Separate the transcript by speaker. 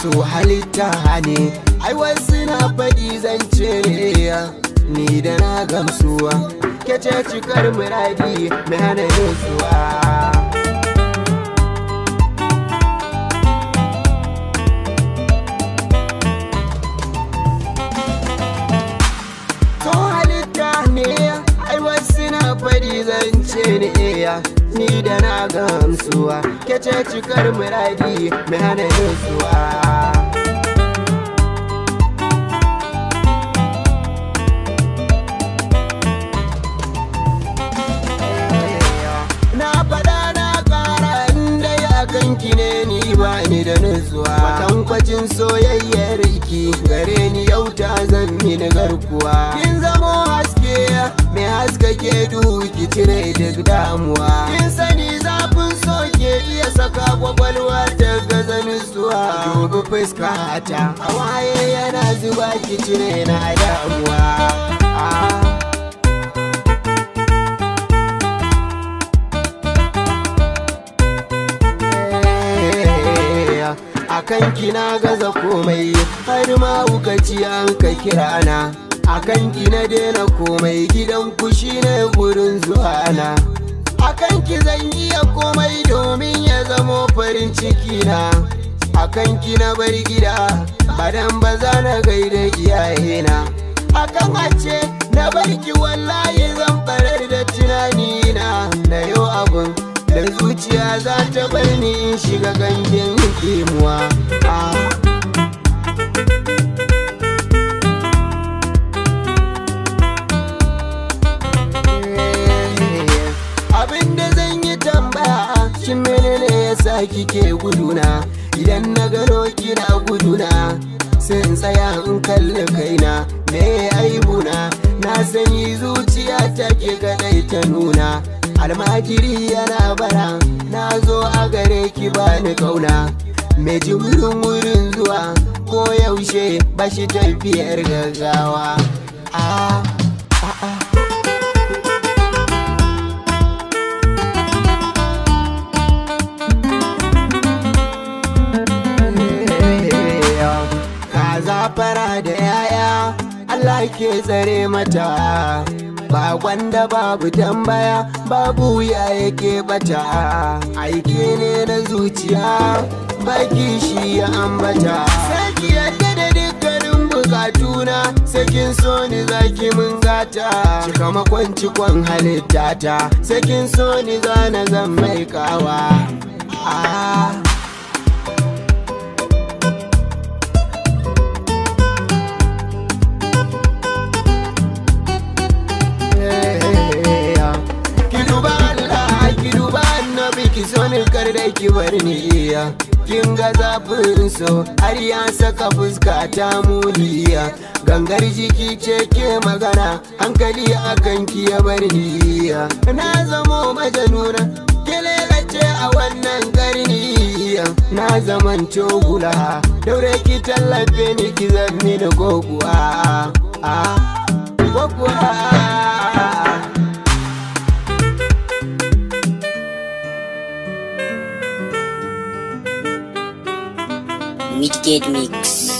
Speaker 1: su halitta ne ai wasu na faɗi zance ni da na gamsuwa ke ce cikar muradi mai hana yin suwa wani iya ni da na gamsuwa ke ce cikar muradi mai hana nutsuwa kanki ne ni ba ni da nutsuwa matankwacin soyayyar ki gare ni yau ta zan ni garkuwa kin zamo cire duk damuwa kin sani zafin so ke iya saka kwakwalwa ta gaza nutsuwa dubi fuska ta hawaye yana zuba ki cire na damuwa a kanki na gaza komai har ma wukaci an ka kira na akan ki na daina komai gidan ku shine gurin na. akan ki zan ya komai domin ya zamo farin ciki na akan ki na bar gida badan ba za na gaida iyayena akan ace na bar ki wallahi zan farar da tunani na na yau abun da zuciya za ta bar ni in shiga da kike guduna idan na gano kina guduna sai in tsaya in kalli kaina me aibuna na sanyi zuciya ta ke kadai ta nuna almajiri yana bara na zo a gare ki bani kauna Me jimirin wurin zuwa ko yaushe ba shi tafiyar gaggawa ke tsare mata ba gwanda babu tambaya babu ya yake bata aike ne na zuciya baki shi ya ambata saki yadda da dukkanin bukatuna sakin so ni zaki mun gata cika makwancikon halittata sakin so ni zana zan mai kawa ki so ni kar da ki bar ni iya kin ga zafin so har ya saka fuska ta muliya gangar jiki ce ke magana hankali akan ki ya bar ni ya na zamo majanuna kelelace a wannan garni na zaman cogula daure ki tallafe ni ki zammi da goguwa Midgate Mix.